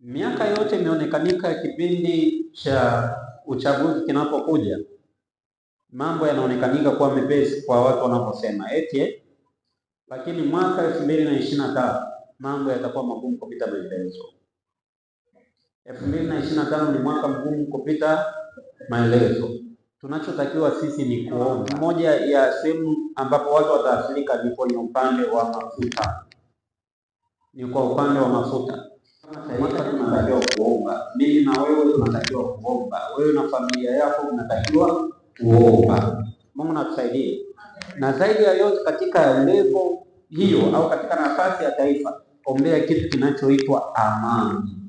Miaka yote imeonekanika kipindi cha uchaguzi kinapokuja, mambo yanaonekanika kuwa mepesi kwa watu wanaposema eti, lakini mwaka elfu mbili na ishirini na tano mambo yatakuwa magumu kupita maelezo. Elfu mbili na ishirini na tano ni mwaka mgumu kupita maelezo. Tunachotakiwa sisi ni kuomba. Moja ya sehemu ambapo watu wataathirika ni kwenye upande wa mafuta, ni kwa upande wa mafuta kama taifa tunatakiwa kuomba, mimi na wewe tunatakiwa kuomba, wewe na familia yako mnatakiwa kuomba. Mungu natusaidie, na zaidi ya yote katika levo hiyo au katika nafasi ya taifa, ombea kitu kinachoitwa amani.